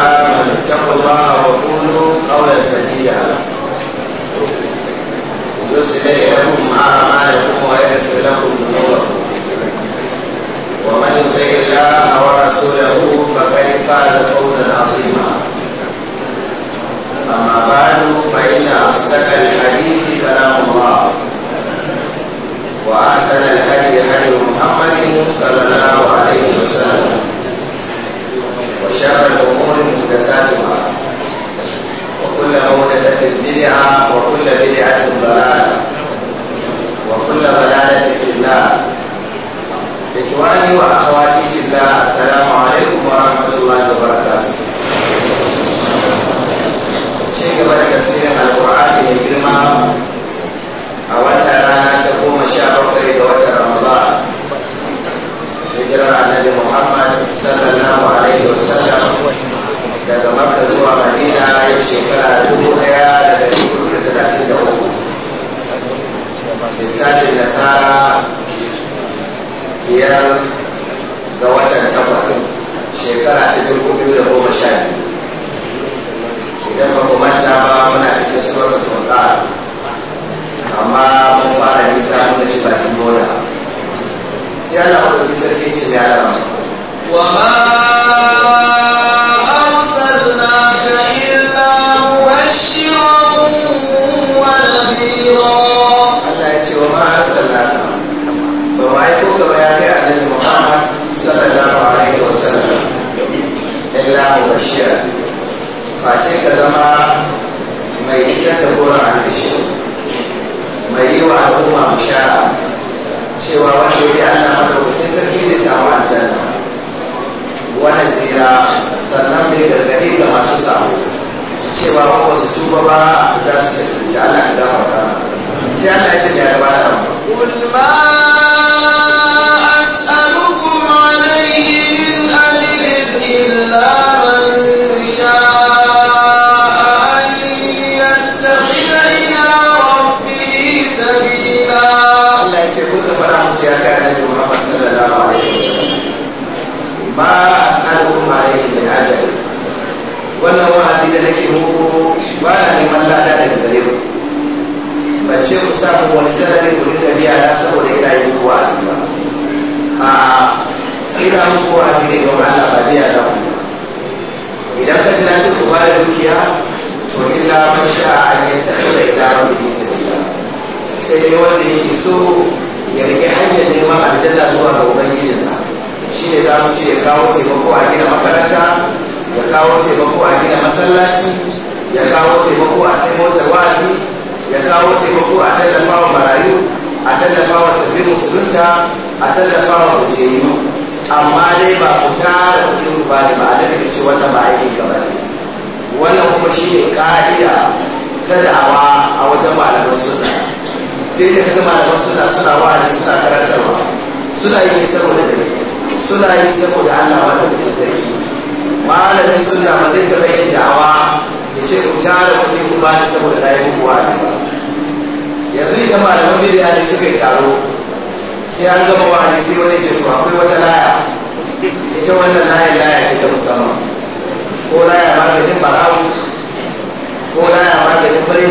آمنوا اتقوا الله وقولوا قولا سديدا يصلح لكم أعمالكم ويغفر لكم ذنوبكم ومن يطع الله ورسوله فقد فاز فوزا عظيما أما بعد فإن أصدق الحديث كلام الله وأحسن الهدي هدي محمد صلى الله عليه وسلم وشر الأمور محدثاتها وكل محدثة بدعة وكل بدعة ضلالة وكل ضلالة في النار إخواني وأخواتي في الله السلام عليكم ورحمة الله وبركاته شيخ بدأ تفسير القرآن الكريم أولا رانا تقوم الشعب وكريم hijirar annabi muhammad sallallahu alaihi wasallam daga makka zuwa madina ya shekara dubu daya da dari da talatin da uku lissafin nasara biyar ga watan takwas shekara ta dubu biyu da goma sha biyu idan ba ku manta ba muna cikin suratul furqan amma mun fara nisa mun da shi bakin bola sai Allah madaukakin sarki ce da ma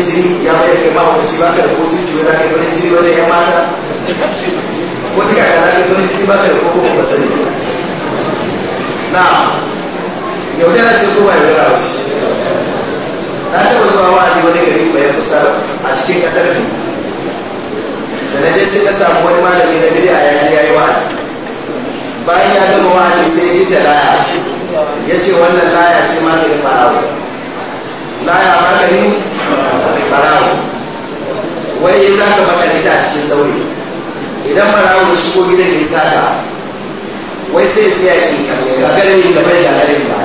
farin jini ya mai kai ma wani ba ka da ko sisi ba za ka yi farin jini wajen yan mata ka kana kai farin jini ba ka da ko kuma ba sani na yaudara ce ko ba yaudara ba ce na taɓa zuwa wa'azi wani gari bayan kusa a cikin ƙasar ne da na je sai na samu wani malami na bidiya a yaji ya yi wa'azi bayan ya gama wa'azi sai ya yi da laya ya ce wannan laya ce maganin barawo laya maganin barawo wai in za ka makale ta a cikin tsauri idan barawo ya shigo gidan ya sata wai sai tsaya ke kamar ga garin gaban da garin ba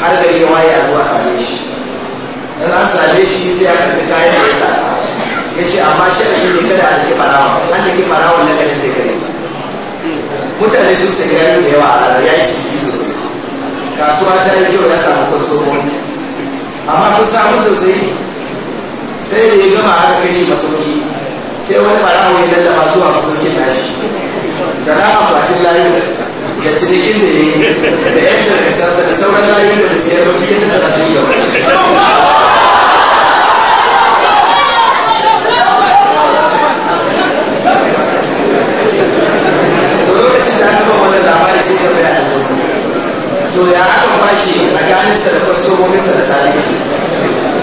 har gari ya waye a zuwa same shi in an same shi sai a karɓi kayan da ya sata ya ce amma shi sharafi ne kada a take barawa an take barawa na garin da garin mutane sun sayi yaro da yawa a ya ci ciki sosai kasuwa ta yi kyau ya samu kwastomomi amma kun samu tausayi sai da ya gama aka kai shi masauki sai wani barawo ya lallaba zuwa masaukin nashi da na akwatin layu da cinikin da ya yi da yan tarkacensa da sauran layu da siyar ba fiye da tara yi to da ba labari sai a zo to ya aka bashi a ganin sa da kwastomominsa da salihin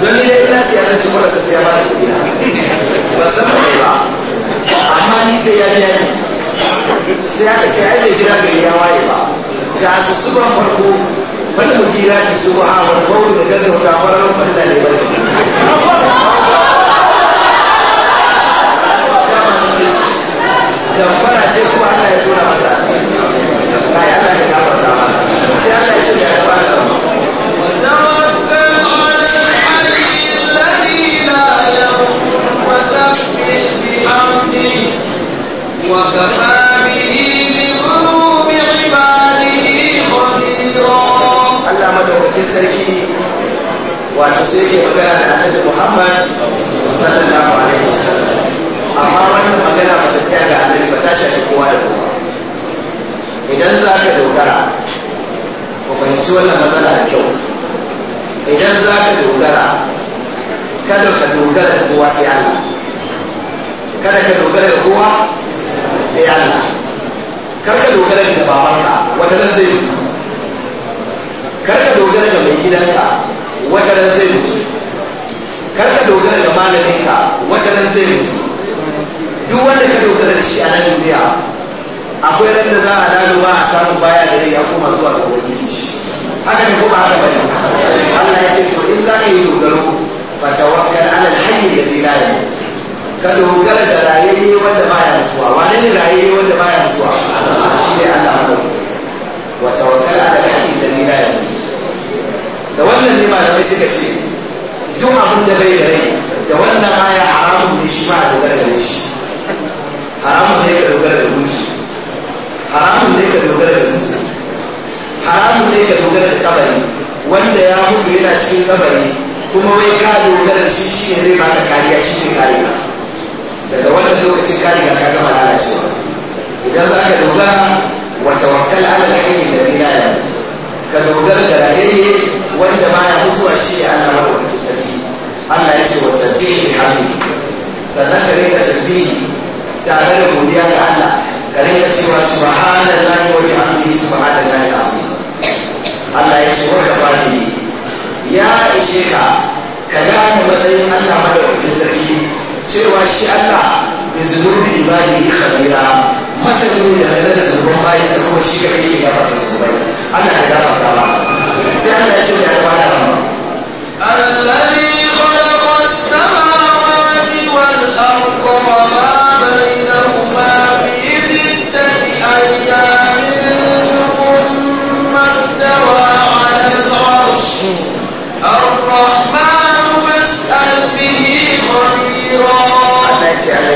don ne ina siya zan ci mara siya ba da kuɗi na ba san ba ba amma ni sai ya biya ni sai aka ce ai bai jira gari ya waye ba ga su suban farko wani mujira ki su ba wani bauru da gaggauta fararen farilla ne bane damfara ce kuma Allah ya tura masa a kai وكفى به بقلوب عباده خبيرا الله مدعوكين سيكي وتسيكي مكان النبي محمد صلى الله عليه وسلم amma wannan magana ba ta tsaya ga ba ta shafi kowa da kowa idan za ka dogara ku fahimci wannan matsala da kyau idan za ka dogara dogara Allah kada ka dogara da kowa sai Allah kar ka dogara da babanka wata ran zai mutu kar ka dogara da mai gidanka wata ran zai mutu kar ka dogara da malaminka wata ran zai mutu duk wanda ka dogara da shi a nan duniya akwai ran da za a dalu ba a samu baya da ya koma zuwa ga wani shi haka ne kuma haka bane Allah ya ce to in za ka yi dogaro tawakkal ala alhayy alladhi la yamut ka dogara da rayayye wanda baya mutuwa wani ne rayayye wanda baya mutuwa shi ne Allah madaukaki wa tawakkal ala al-hayy alladhi la yamut da wannan ne malamai suka ce duk abin da bai da rai da wannan aya haramun ne shi ba a dogara da shi haramun ne ka dogara da ruhi haramun ne ka dogara da dutse haramun ne ka dogara da kabari wanda ya mutu yana cikin kabari kuma wai ka dogara da shi shi ne zai baka kariya shi ne kariya daga wannan lokacin ka riga ka gama lalacewa idan za ka dogara wata tawakkal ala alhayy da la lalata ka dogara da rayayye wanda ba ya mutuwa shi Allah madaukakin sarki Allah ya ce wa sabbih bihamdi sannan ka rinka tasbihi tare da godiya ga Allah ka rinka cewa subhanallahi wa bihamdihi subhanallahi alazim Allah ya ce wa kafani ya ishe ka ka gane matsayin Allah madaukakin sarki cewa shi Allah da zunubin ibadi khabira masani ne da da zunuban bayan sa kuma shi kake yi gafa da zunubai Allah ya gafa ta ba sai Allah ya ce ya gafa da ba Allah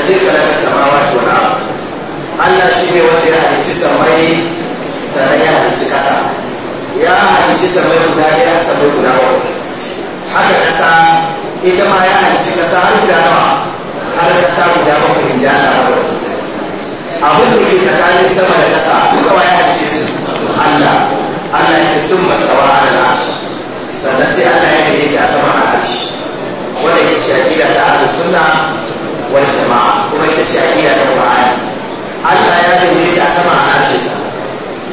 zai kalaka samawa tona Allah shi ne wanda ya halicci samai sannan ya halicci kasa. ya halicci samai guda ya samai guda wani haka ƙasa ita ma ya halicci kasa har guda nawa har ƙasa guda bakwai in ji Allah ba abin da ke tsakanin sama da ƙasa duka wa ya halicci su Allah Allah ya ce sun matsawa ala arshi sannan sai Allah ya daidaita a sama a arshi wanda ke ce akida ta ahlus sunna wani jama'a kuma ita ce aƙida ta Qur'ani Allah ya dame ta a sama a harshe ta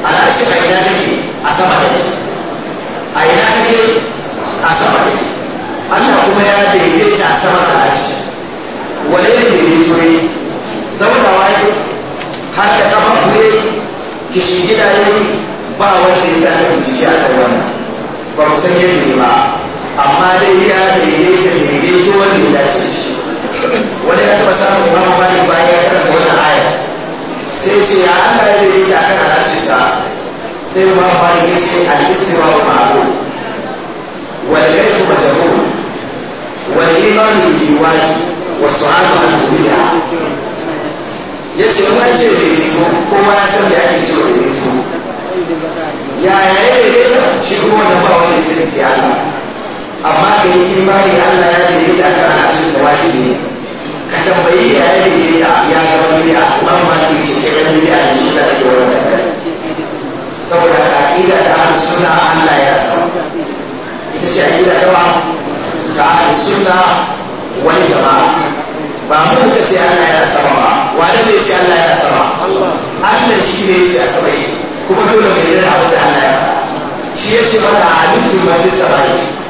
a harshe a ina take a sama da a ina take a sama da Allah kuma ya dame ta a sama da harshe wani ne daidaito ne zaunawa waje har da ki ne da yi ba wanda ya sani bincike a kan wannan ba mu san yadda ne ba amma dai ya daidaita daidaito wanda ya dace da shi wani ya taɓa samun imam malik bayan ya karanta wannan aya sai ce ya Allah ya yi ta kan harshe sa sai imam malik ya ce al-istiwa wa ma'abu wal kayfu majhul wal iman bi waji wa su'alu an biya ya ce ce da ya to kowa ya san da ake cewa ya to yaya ya yi shi kuma wannan ba wani sai ya Allah amma ka yi imani Allah ya ce ta kan al'ashin da wajibi ne ka tambayi ya yi bid'a ya zama bid'a imam malik shi ke kan miliya da shi da ake wannan tambaya saboda aqida ta ahlus sunna Allah ya san ita ce aqida ta ta ahlus sunna wal jama'a ba mu ka ce Allah ya sama ba wani ne ce Allah ya sama Allah shi ne ya ce a sabai kuma dole mai rana abin da Allah ya ba shi ya ce mana a ma fi sabai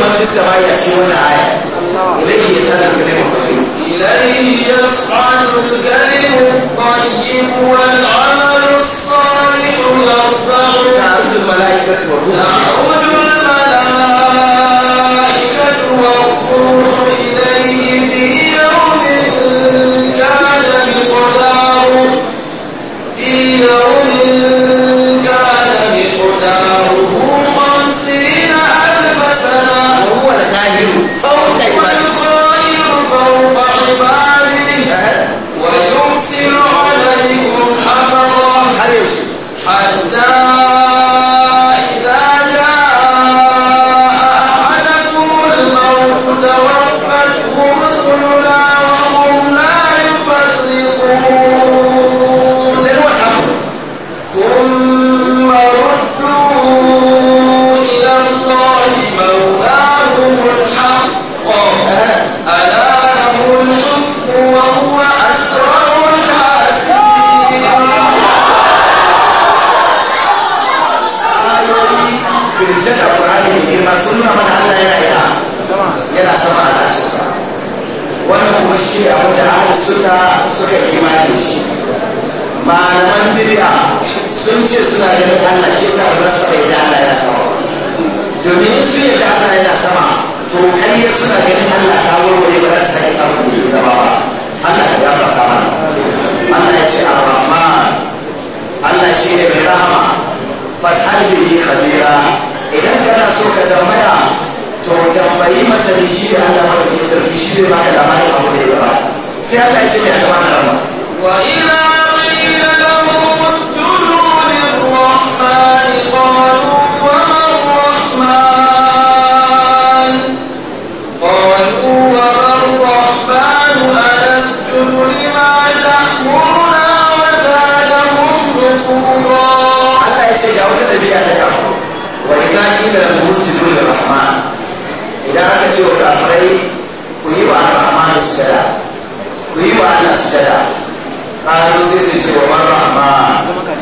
ما في السماء يأتي وانا عاية إليه يسأل الكلمة الطيب إليه يصعد الكلم الطيب والعمل الصالح يرفع تعرج الملائكة والروح تعرج الملائكة والروح إليه في يوم كان مقداره حتى إذا جاء أحدكم الموت توفى suka suka imani shi malaman bid'a sun ce suna ganin Allah shi sa ba su kai Allah ya sama domin in sun yadda Allah yana sama to kai suna ganin Allah ta warware ba za su kai samun gudu zama ba Allah ta gafarta sama Allah ya ce ar-rahman Allah shi ne mai rahama fasal bihi khabira idan kana so ka tambaya to tambayi masani shi ne Allah madaukakin sarki shi ne ka labarin abu da ya ba. sai Allah ya ce ya gaba da Allah wa ila qila lahum usjudu lirrahman qalu wa arrahman qalu wa arrahman anasjudu lima ta'muruna wa zadahum nufura Allah ya ce ga wata dabi'a ta kafu wa ila qila lahum usjudu lirrahman idan aka ce wa kafirai ku yi wa arrahman sujada ku yi wa Allah sujada qalu sai su ce wa man rahman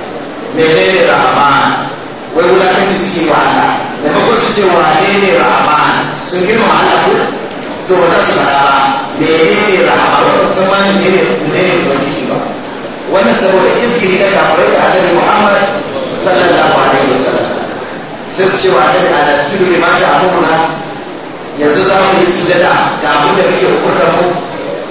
menene rahman wai wulakanci suke wa Allah da mako su ce wa ne rahman sun girma Allah ko to ba za su fara ba menene rahman ba su ma menene menene wani shi ba wannan saboda izgiri na kafirai da annabi Muhammad sallallahu alaihi wasallam sai su ce wa annabi ala sujudi ma ta amuna yanzu za mu yi sujada ga abin da muke hukunta mu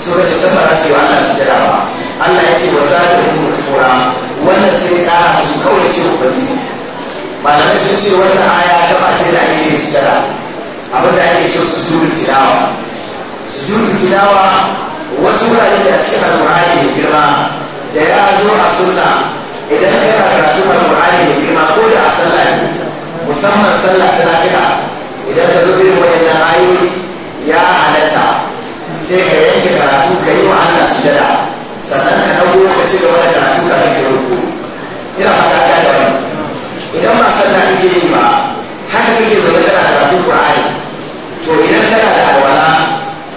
suka ce ta fara cewa ana sujada ba Allah ya ce wa za yi rubu kura wannan sai kara musu kawai ce ubangiji malamai sun ce wannan aya ta bace da ake yin sujada abin da ake ce su juri tilawa su juri tilawa wasu wurare da cikin alƙur'ani mai girma da ya zo a sunna idan ka kana karatu alƙur'ani mai girma ko da a sallah ne musamman sallah ta lafiya idan ka zo irin waɗannan ayoyi ya halatta sai ka yanke karatu ka yi wa Allah sujada sannan ka dago ka ci gaba da karatu ka rage ruku ina fata ka da wani idan ba sallah kake yi ba haka kake zaune kana karatu Qur'ani to idan kana da alwala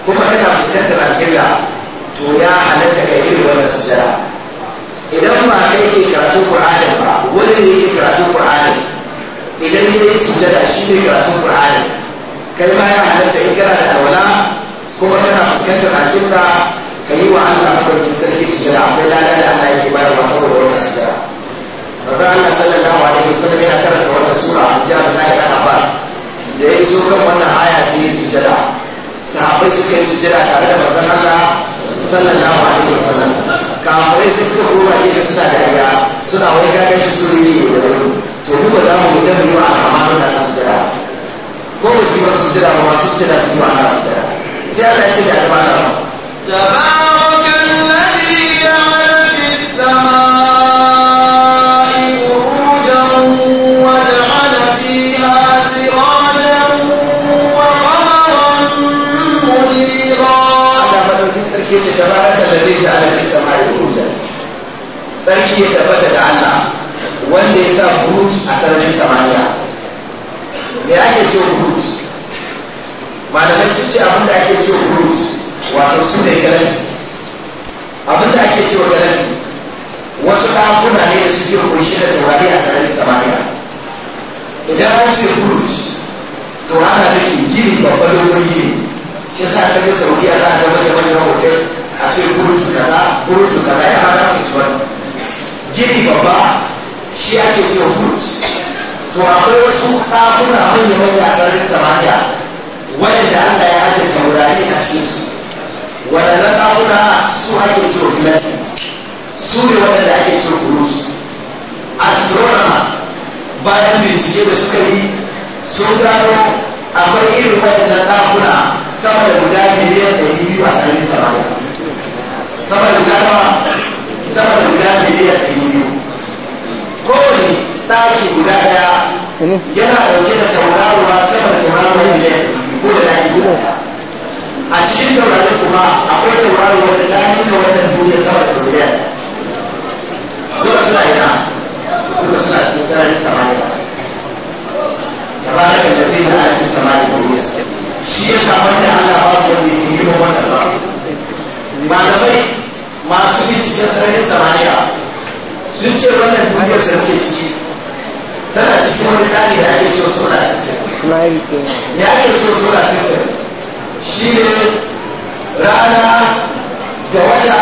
kuma kana fuskantar alƙibla to ya halatta ka yi wannan sujada idan ba kai ke karatu Qur'ani ba wani ne yake karatu Qur'ani idan ya yi sujada shi ne karatu Qur'ani kai ma ya halatta in kana da alwala kuma kana fuskantar alƙibla ka yi wa Allah mafarkin sarki su jira akwai lada da Allah yake bayarwa saboda wanda su jira maza Allah sallallahu alaihi wasallam yana karanta wannan sura a jihar na Dan Abbas da ya iso kan wannan aya yi su sujada Sahabai suka yi jira tare da manzon Allah sallallahu alaihi wasallam kafirai sai suka koma gefe suna dariya suna wani gaganci su yi da wani to mu ba za mu yi dan mu yi wa alhamdu su sujada ko mu yi masa jira ba masu jira su yi wa Allah jira. sai Allah ya ce da albarka تبارك الذي جعل في السماء بروجا وجعل فيها سراجا وقمرا منيرا تبارك الذي جعل في السماء بروجا sarki ya tabbata da Allah wanda ya sa buruj a sararin samaniya me ake ce buruj malamai sun ce abin da ake cewa kuruj wato su ne galafi abin da ake cewa galafi wasu ɗakuna ne da suke kunshi da taurari a sararin samaniya idan an ce kuruj to ana nufin gini babba dogon gini shi sa ta ga saudiya za a ga manya manyan hotel a ce kuruj kaza kuruj kaza ya ma za mu ci wani gini babba shi ake cewa kuruj to akwai wasu ɗakuna manya manya a sararin samaniya waɗanda Allah ya ajiye taurari a cikin su wadannan ɗakuna su ake cewa planets su ne wadanda ake cewa gurus astronomers bayan bincike da suka yi sun gano akwai irin waɗannan ɗakuna sama da guda miliyan ɗari biyu a sararin samaniya sama da guda nawa sama da guda miliyan ɗari biyu kowane ɗaki guda ɗaya yana ɗauke da tauraruwa sama da tauraruwa miliyan ɗari da lafi a cikin taurarin kuma akwai taurarin wanda ta nuna wannan duniya sama da sauya duka suna ina duka suna cikin sararin samaniya tabarak da zai ji alaƙin samaniya shi ya samar da allah ba mu wanda ya yi ba wanda sa malamai masu bin cikin sararin samaniya sun ce wannan duniyar da muke ciki tana cikin wani tsari da ake cewa mari ya ake so suna system shi ne rana da wata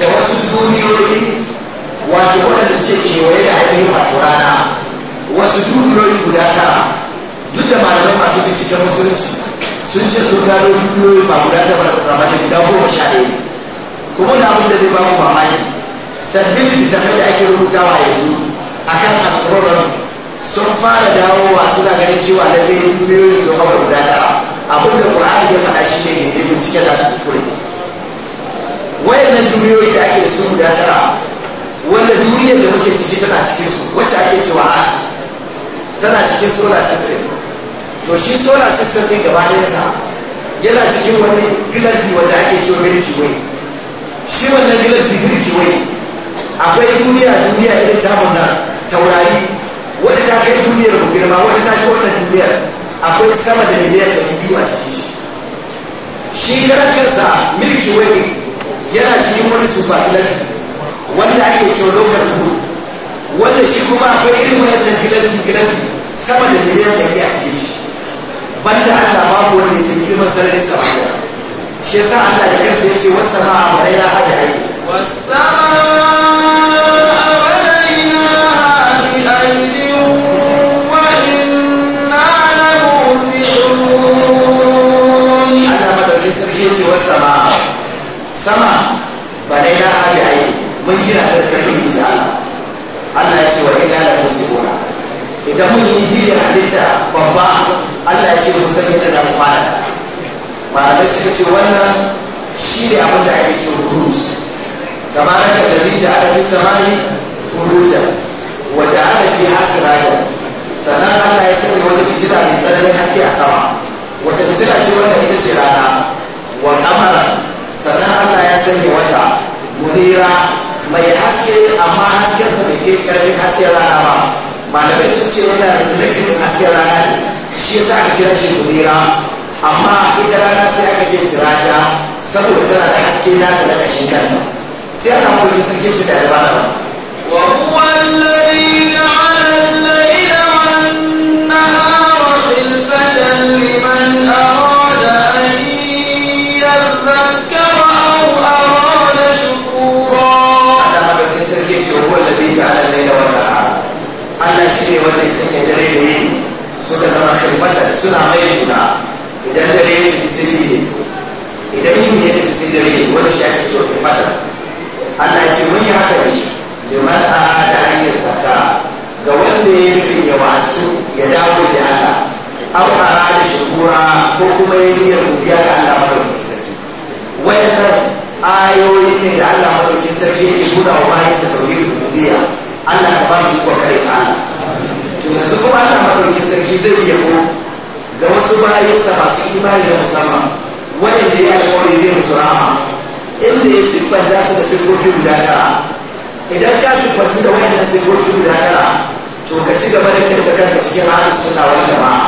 da wasu duniyoyi wato waɗanda suke kewaye da ainihin wato rana wasu duniyoyi guda tara duk da malamai masu binciken musulunci sun ce sun gano duniyoyi ba guda tara da ramata guda goma sha ɗaya kuma da abin da zai ba mu mamaki sabbin littattafai da ake rubutawa yanzu akan astronomy sun fara dawowa suna ganin cewa lalle duniyoyin su kawai guda tara abin da qur'ani ya faɗa shi ne ne cike da su kuskure nan duniyoyi da ake da su guda tara wanda duniyar da muke ciki tana cikin su wacce ake cewa as tana cikin solar system to shi solar system din gaba ɗayansa yana cikin wani gilazi wanda ake cewa milky way shi wannan gilazi milky way akwai duniya duniya irin tamu na taurari wadda ta kai duniyar mu girma wadda ta shi wannan duniyar akwai sama da miliyar da biyu a cikin shi shi karan kansa milki wani yana cikin wani supergalaxy wanda ake cewa lokar kudu wanda shi kuma akwai irin wannan galaxy galaxy sama da miliyar da biyu a cikin shi banda Allah babu wanda ya san girman sararin samaniya shi yasa Allah da kansa ya ce wasu sama'a baraina hada aiki wasu ce wasu sama sama ba dai na hali a yi mun gina ta karfin ji Allah Allah ya ce wa ina da musu gona idan mun yi biyu halitta babba Allah ya ce mu san yadda za mu fara malamai suka ce wannan shi ne abin da ake ce rules tabarar da da rija a fi samani hurujan wata ana fi hasirajan sannan Allah ya sanya wata fitila mai tsananin haske a sama wata fitila ce wanda ita ce rana wa kamara sannan Allah ya sanya wata munira mai haske amma haskensa bai kai karfin hasken rana ba malamai sun ce wata reflecting hasken rana ne shi yasa aka kira shi munira amma ita rana sai aka ce siraja saboda tana da haske na ta daga shi kanta sai Allah mu ji sarki shi da dabara wa huwa alladhi ja'ala Allah shi ne wanda ya sanya dare da yini suka zama khalifatar suna mai juna idan dare ya tafi sai yini ya zo idan yin ya tafi sai dare ya zo wanda shi ake cewa khalifatar Allah ya ce mun yi haka ne liman a da hanyar zaka ga wanda ya nufin ya wasu ya dawo da Allah an fara da shukura ko kuma ya yi rubiya ga Allah madaukakin sarki wayannan ayoyi ne da Allah madaukakin sarki yake nuna wa bayansa tauhidul rububiyya Allah ka ba mu iko kare ta Allah yanzu kuma ta mafarki sarki zai yabo ga wasu bayansa masu imani da musamman waɗanda ya alkawari zai musu rama inda ya siffanta su da siffofi guda tara idan ka siffanta da waɗannan siffofi guda tara to ka ci gaba da kirka kanka cikin halin suna wani jama'a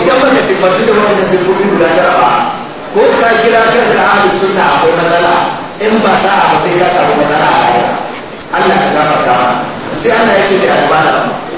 idan ka siffanta da waɗannan siffofi guda tara ba ko ka kira kanka halin suna akwai matsala in ba a ba sai ka samu matsala a rayuwa Allah ka gafarta mana sai Allah ya ce da albarka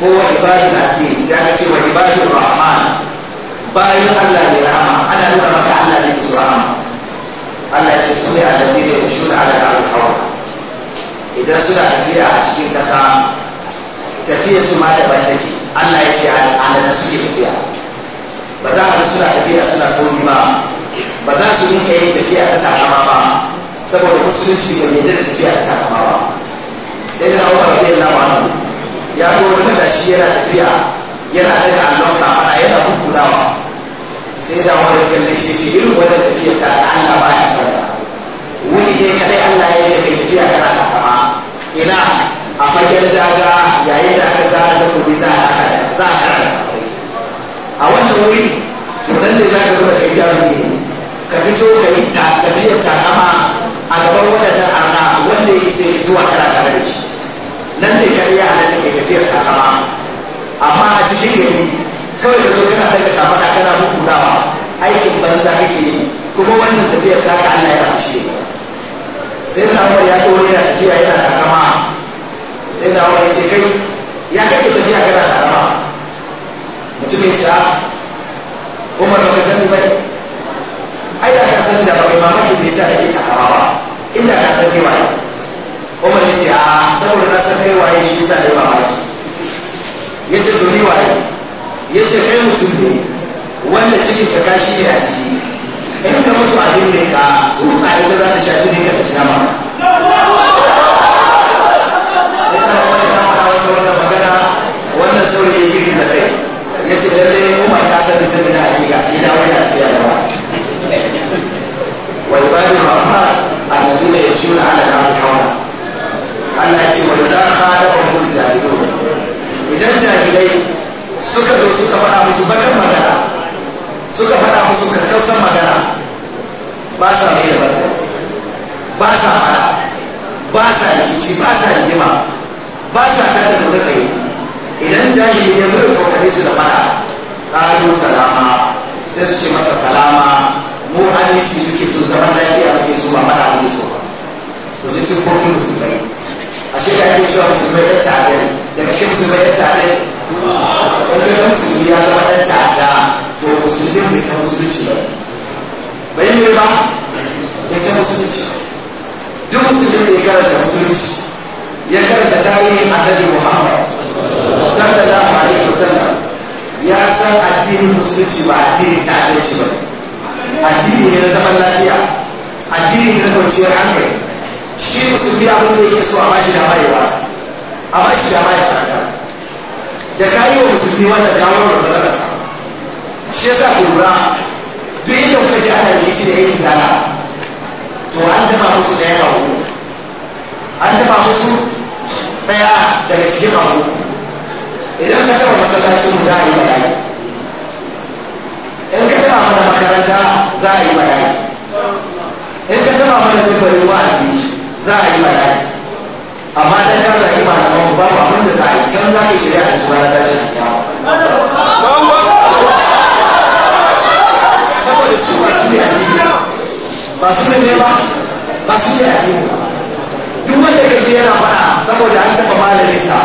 ko wa na aziz za ka ce wa ibadul rahman bayan Allah mai rahama ana nuna maka Allah zai su rahama Allah ce su ne alladhi ne yushuna ala al-hawa idan suna tafiya a cikin kasa tafiya su ma da ban take Allah ya ce alladhi suke tafiya ba za a suna tafiya suna sauri ba ba za su yi yin tafiya ta takama ba saboda musulunci bai yadda da tafiya ta takama ba sai da Allah bai yi lawa ya zo wani matashi yana tafiya yana daga allon a yana kukkulawa sai da wani kalle shi shi irin wani tafiya ta Allah ba ya sauka wuri ne kadai Allah ya yi kai tafiya kana kama ina a fagen daga yayin da aka a ta kubi za a za a kara a wannan wuri tunan ne za ka zo da kai jarumi ka fito ka yi tafiyar kama a gaban waɗannan arna wanda ya yi sai zuwa kara tare da shi nan ne ka iya halatta kai tafiyar takama amma a cikin gari kawai da zo kana daga tafada kana hukunawa aikin banza kake yi kuma wannan tafiyar ta ka Allah ya fushi sai na umar ya dore yana tafiya yana takama sai na umar ya ce kai ya kake tafiya kana takama mutumin sa umar ba ka sani ba ai da ka sani da ba kai mamaki me yasa kake takama ba inda ka sani ba umar ma a ah, saboda na san kai waye shi ta ba mamaki ya ce to ni waye ya ce kai mutum ne wanda cikin ka kashi ne a ciki in ka mutu a ne ka tsutsa ta za ta shafi ne ka ta sha ma ta wani ta fara wasu wannan magana wannan ya da ya ce umar ka na hakika sai na wani ba wal bani ma'amma alladhina yamshuna ala al-ardi hawla Allah ya ce wa da khada wa mul jahilun idan jahilai suka zo suka faɗa musu bakar magana suka faɗa musu kakkausar magana ba sa mai da bata ba sa fara ba sa rikici ba sa rigima ba sa da zaune tsaye idan jahili ya zo ya kokare su da fara kayo salama sai su ce masa salama mu aminci muke so zaman lafiya muke so ba fara muke so ba to ji sun kofi musulmai a shi da ake cewa musulmai ɗan ta'adda ne daga shi musulmai ɗan ta'adda ne wani ɗan musulmi ya zama ɗan ta'adda to musulmi bai san musulunci ba bai yi ba bai san musulunci duk musulmi ne karanta musulunci ya karanta tarihin annabi muhammad sallallahu alaihi wasallam ya san addinin musulunci ba addinin ta ta'addanci ba addini ne na zaman lafiya addini ne na kwanciyar hankali shi musulmi abin da yake so a bashi da ya a bashi da ya karanta da ka yi wa musulmi wanda damar da ba za shi yasa ku lura duk inda kuka ji ana da ya da yake to an taba musu daya ga uku an taba musu daya daga cikin abu idan ka taba masallacin mu za a yi bayani in ka taba mana makaranta za a yi bayani in ka taba mana dabbarin wa'azi za a yi bala'i amma dan ka zagi malaman babu abin da za a yi can za ka shirya da su ranar tashin kiyama saboda su ba su ne addini ba su ne ba ba su ne addini duk wanda kake yana faɗa saboda an taɓa malaminsa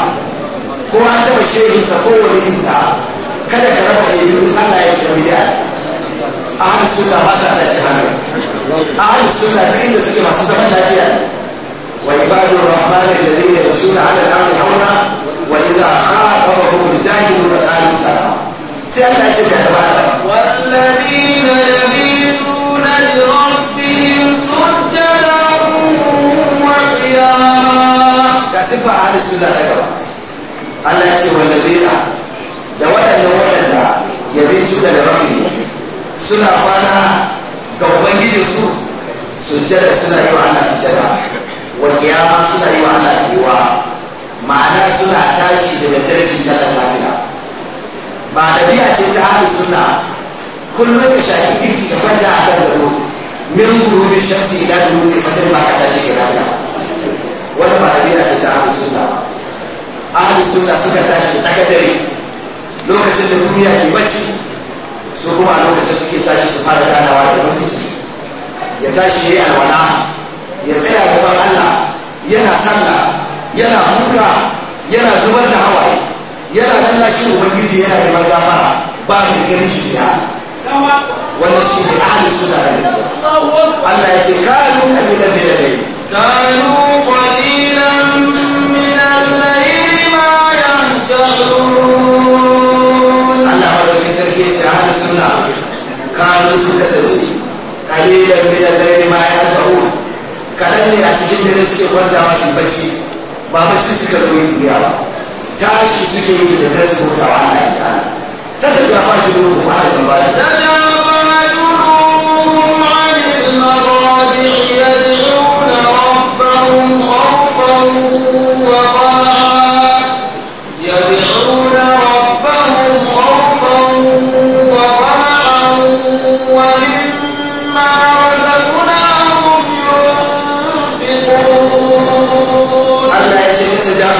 ko an taɓa shehinsa ko wani waliyinsa kada ka raba ɗaya biyu Allah ya kira bidiya a hannun suna ba sa tashi hannu a hannun suna duk inda suke masu zaman lafiya وعباد الرحمن الذين يمشون على الأرض حولا وإذا خاطبهم الجاهلون قالوا سلاما سيأتي أشد أدبارا والذين يبيتون لربهم سجدا وقياما كسب أهل السنة تكبر Allah ya ce wallazina da waɗannan waɗanda yabe cuta da rabbi suna kwana ga ubangijinsu sujjada suna yi wa Allah sujjada wa suna yi wa Allah kewa ma'ana suna tashi daga darajin sallar nafila ba biya ce ta hadu suna kullum ka shaki kirki ka kwanta a kan gado min gurubin shamsi ila gurubin fajar ba ka tashi ka lafiya wani ba biya ce ta suna sunna hadu suna suka tashi da takadari lokacin da duniya ke bacci su kuma lokacin suke tashi su fara ganawa da ubangiji ya tashi ya yi alwala ya tsaya gaban Allah yana sallah yana huta yana zubar da hawaye yana lallashin ubangiji yana neman gafara ba mai ganin shi ya wannan shi ne ahalin suna da nisa Allah ya ce kanu kalilan da dai kanu qalilan min al-layli ma yahjurun Allah ya ce ahalin suna kanu su kasance kalilan ne da suke kwantawa su bacci ba bacci suka zo yi biya ba tashi suke yi da dare su hutawa Allah ya ta'ala ta tafiya fatin ruhu da ba da ta da da وقال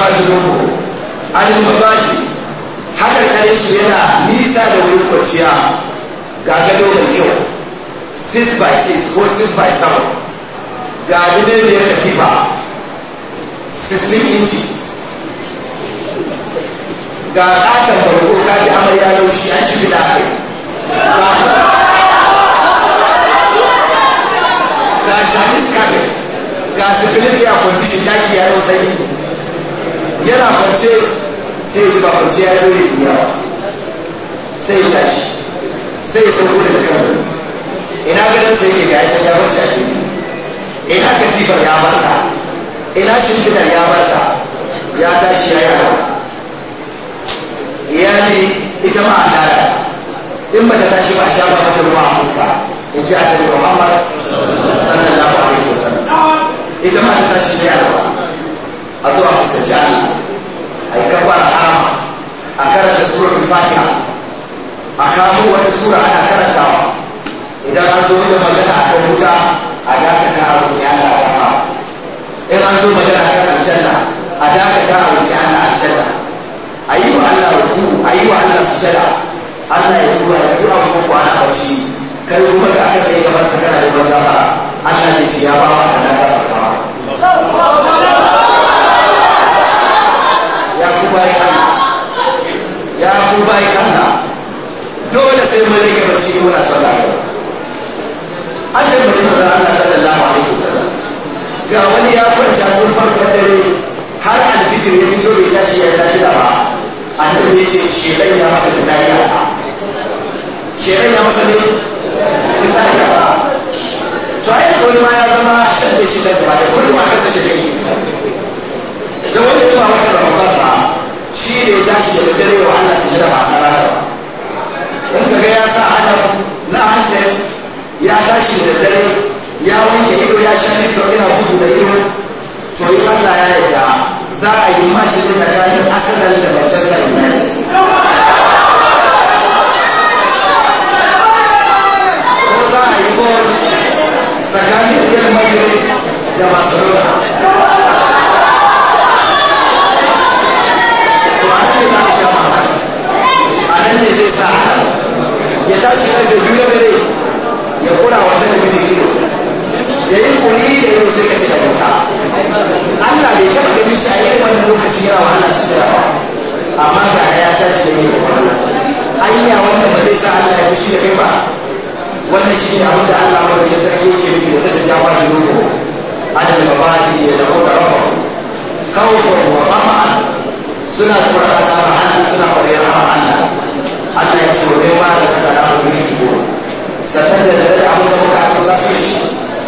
roko majlubu alil mabaji haka kare shi yana nisa da wuri kwanciya ga gado da kyau 6 by 6 ko 6 by 7 ga gado da ya kafi ba 16 inches ga katon barko ka bi amarya laushi ya shi da kai ga chinese carpet ga sifilin ya air condition daki ya yau sai yana kwance sai ji ba kwance ya zo duniya ba sai ya tashi sai ya sauko daga kan ina ganin sai ke gaya can ya bar shafi ina katifar ya barta ina shimfidar ya barta ya tashi ya yara iyali ita ma a tara in ba ta tashi ba a shafa mata ruwa a fuska in ji a Muhammad sallallahu ba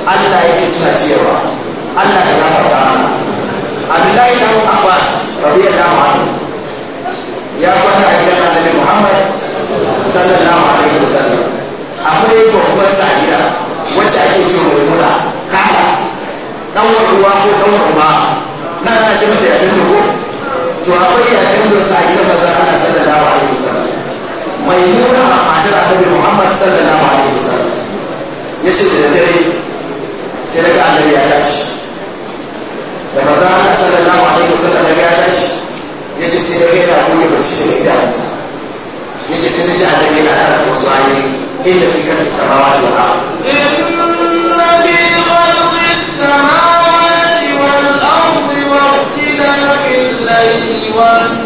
Allah ya ce suna cewa Allah ya gafarta mana Abdullahi dan Abbas radiyallahu anhu ya kwanta a gidan Annabi Muhammad sallallahu alaihi wasallam akwai kuma sa'ira wacce ake ce mai mura kala dan ruwa ko dan ruwa na ana ce mata ya tuntu ko to akwai ya tuntu sa'ira maza Allah sallallahu alaihi wasallam mai mura a matar Annabi Muhammad sallallahu alaihi wasallam yace da dare sai daga annabi ya tashi da maza Allah sallallahu alaihi wasallam ya tashi ya ce sai daga yana goge bacci da idanunsa ya ce sai daga annabi yana karanta wasu ayoyi inda fi kan samawa da ra'a الليل والنهار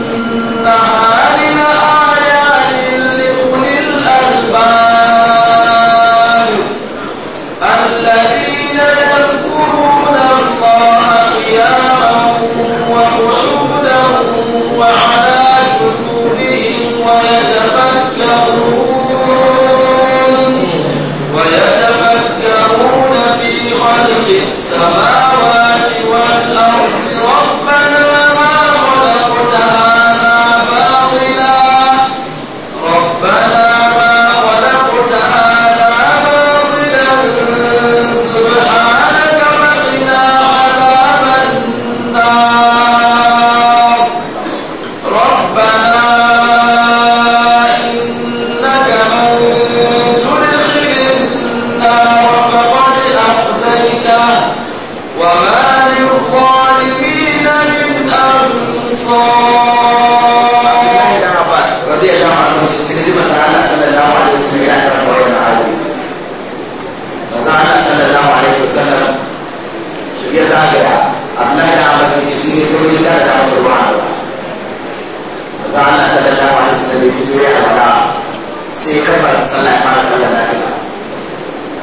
sai kabbara sallah ya fara sallah na fila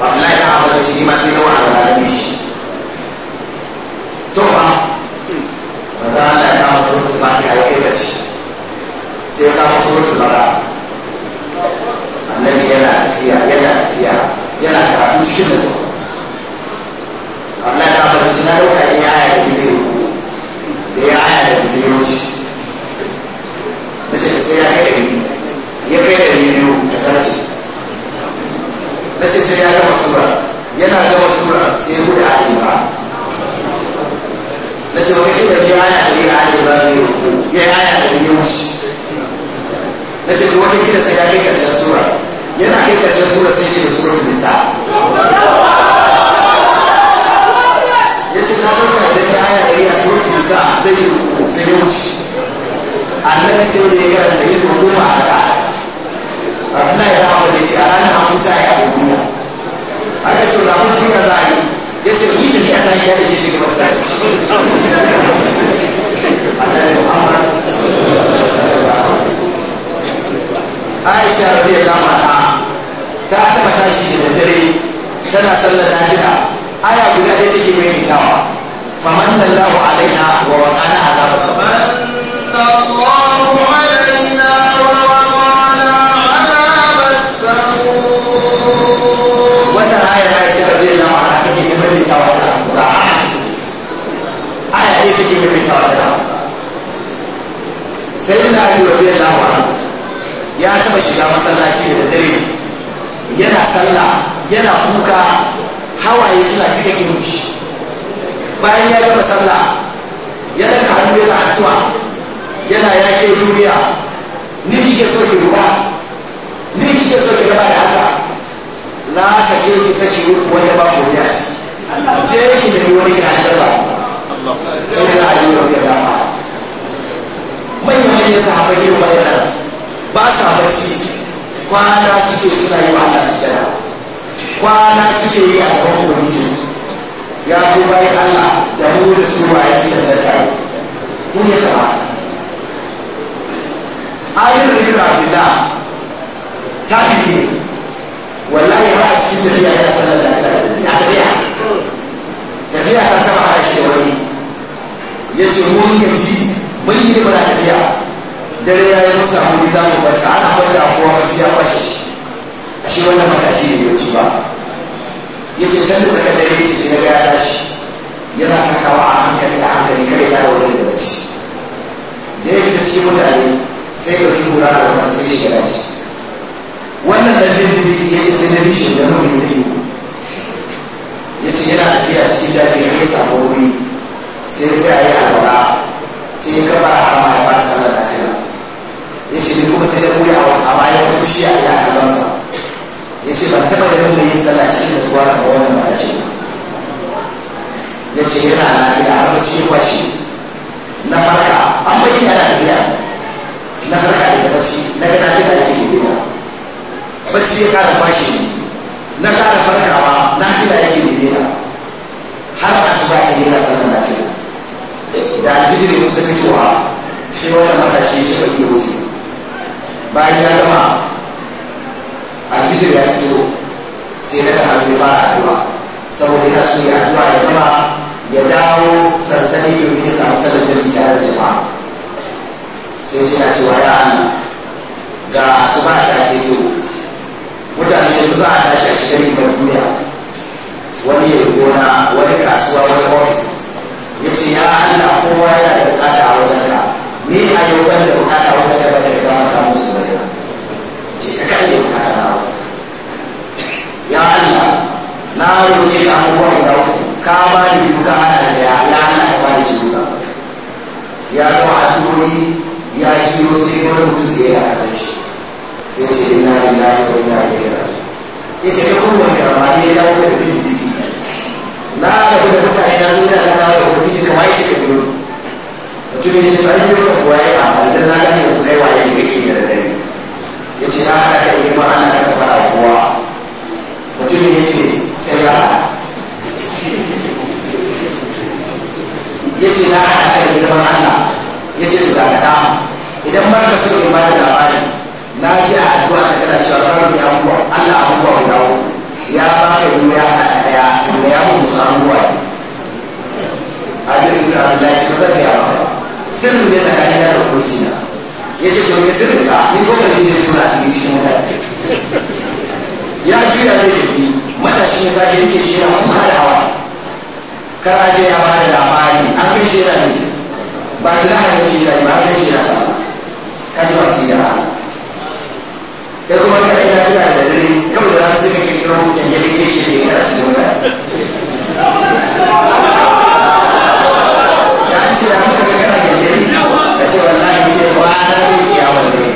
abdullahi ta abu da shi ma sai kawo a shi to ba kwana suke yi a gaban ubangiji ya fi bai allah da mu da su a yi cancanta mu ya kamata ayin rikin abdullah ta fi wallahi ba a cikin tafiya ya sanar da ya tafiya tafiya ta saba a shi wani ya ce mun gaji mun yi mana tafiya dare ya yi musa mun za mu bata ana a kowa mace ya kwashe shi a shi wannan matashi ne ya ci ba ya ce da duka kan dare ce sai ya tashi yana takawa a hankali a hankali kada ya wani da bacci da ya fita cikin mutane sai ɗauki kura da wasu sai shiga shi. wannan da dindindin ya ce sai na shi da mun yi ya ce yana tafiya cikin daji ya samu wuri sai ya yi alwala sai ya gaba a hama ya fara da lafiya ya ce kuma sai ya buya a bayan fushi a yi alwalansa ya ce ban taɓa ganin mai yin sallah cikin da tuwa ba wannan ba ce ya ce yana lafiya har bacci ya shi na farka an bai yana tafiya na farka daga bacci na gana fita da ke gida bacci ya kara bashi na kara farkawa na fita yake gida har asuba ta gida sallar lafiya da alfijiri musa fitowa sai wannan matashi shi bai yi wuce bayan ya gama alfijir ya fito sai na da hannu fara addu'a saboda yana so ya addu'a ya gama ya dawo sansani domin ya samu sanar jirgi da jama'a sai shi yana cewa ya Allah ga ba ta fito mutane yanzu za a tashi a cikin rigar duniya wani ya gona wani kasuwa wani ofis ya ce ya Allah kowa yana da bukata a wajen wannan abubuwa guda ka ba da biyu ka hada da ya ya hana ka ba da shi guda ya zama addu'o'i ya jiyo sai wani mutum zai yi a shi sai ce ina ina ko ina ko ina ya ce ko kuma wani rama ya yi dawo da bin didi na ga kuma mutane na zuwa da na wani kuma shi kamar ya ce ka biyo mutum ya ce ba ni yau kuwa ya ba da na gani yanzu kai wa ya ke da dare ya ce na haka yi ma'ana da ka fara kowa mutum ya ce sai ya ya ce na haɗa ka da zaman Allah ya ce su dakata idan ba ka so ba da labari na ji a addu'a da kana cewa zarar ya abubuwa Allah abubuwa guda uku ya ba ka yi ya haɗa ɗaya tunda ya mu samu abubuwa ne abin da Allah ya ce ba ya ba sirri ne tsakanin na da kurji na ya ce to me sirri ka ni ko ka ji ne tura su cikin mutane ya ji da tafi matashi ne zage yake shi na ku kada hawa kana ce ya bada labari an kai shi da ne ba ta da hanyar shi da ba an kai shi da sa ka ji ba yi da da kuma ka ina tuna da dare kawai da ran sai ka kirkiro hujjan ya ke shi da ya cikin wani da ya ce da muka ga kana ka ce wallahi sai kwanar da kiyawar ne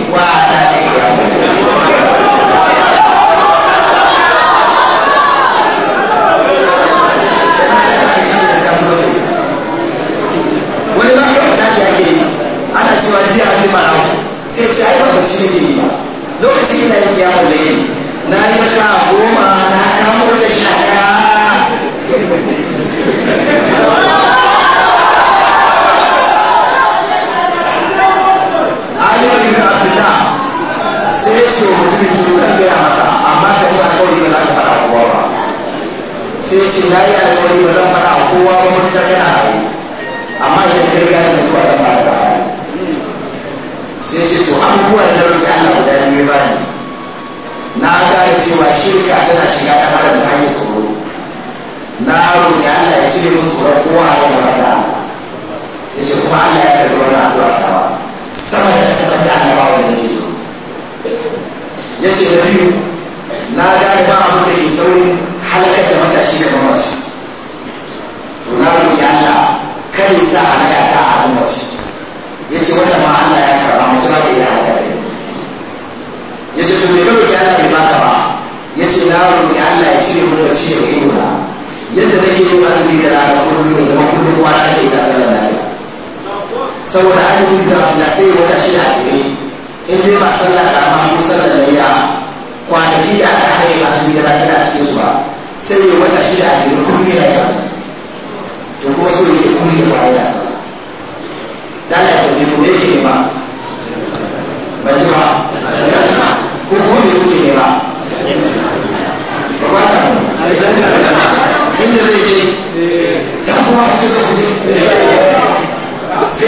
bacci yake yi ba lokacin ina yin na yi raka goma na kamo da shaka ayyukan da afirka sai ce mutumin tuzo da gaya maka amma ka yi alkawari ba za ka fara kowa ba sai ce na yi alkawari ba zan fara kowa ba mutum yana rayu amma idan ka riga da mutuwa da sai ce to abubuwan da roƙi Allah guda biyu ba ne na gane cewa shirka tana shiga ta mara da hanyar tsoro na roƙi Allah ya cire min tsoron kowa a kan gaba da ya ce kuma Allah ya karɓi wani ta ba. sama da sama da Allah ba wani ke tsoro. ya ce da biyu na gane ba abin da ke saurin halakar da matashi da mamaci na ne Allah ya ce mun bacci ya yi ba yadda nake yi ba su da rana kullum ne zama kullum kwana da ita sallar saboda an yi da Allah sai wata shida a jere in dai ba sallar da ma ko sallar da ya kwanaki da aka haye ba su da lafiya a cikin su ba sai ya wata shida a jere kullum ya yi to kuma so yake kullum ya yi sallar dala ya tafi ko yake ne ba ba ji ba ko kuma me kuke ne ba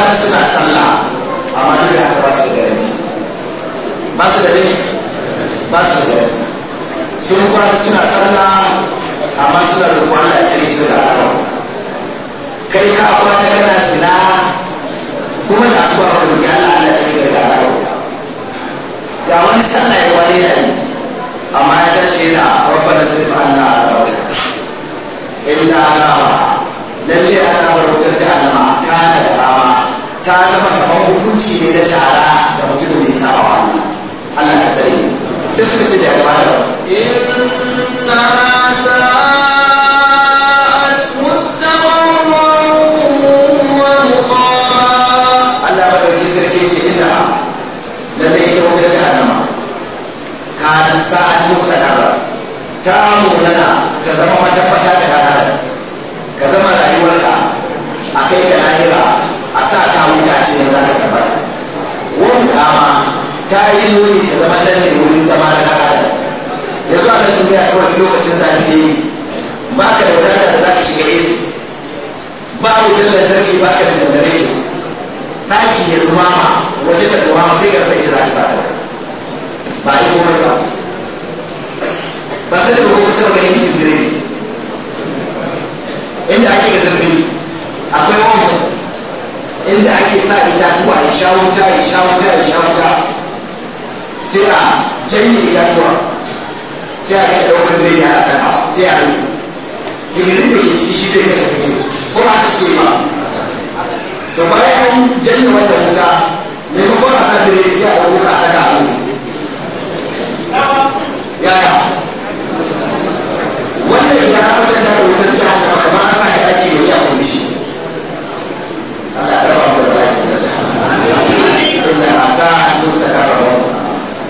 mata suna sallah amma duk da haka ba su da garanti ba su da ba su da garanti sun kwana suna sallah amma suna da kwana da kare su da haram kai ka kwana kana zina kuma da asuwa ka roƙi yana ala da kare da haram ga wani sallah ya wani yayi amma ya tashi yana rabbana sirfa anna azabaka illa ana lalle ana ta zama kamar hukunci ne na tara da mutum mai saba wa Allah ka tsare sai suka ce da ya da inna mustaqarra ta munana ta zama mata fata da rayuwar ka zama rayuwarka akai da lahira a sa ta wuta a cikin za ka tabbata wani kama ta yi nuni ta zama nan ne wurin zama na ɗan adam yanzu a nan duniya kawai lokacin zafi ne ba ka da wadata da za ka shiga esi ba wutar lantarki ba ka da janareto ɗaki ya dumama waje ta dumama sai ka sai da za ka sa kanka ba yi komai ba ba sai da hukuntar ga yin direni inda ake ga zarbi akwai wani inda ake sa itatuwa ya sha wuta ya sha wuta ya sha wuta sai a janye itatuwa sai a iya ɗaukar biredi a sama sai a rufe zikirin da ke ciki shi zai kasa biredi ko ba ta ce ba to bayan janye wanda wuta maimakon a sa biredi sai a ɗauka a saka a yaya wannan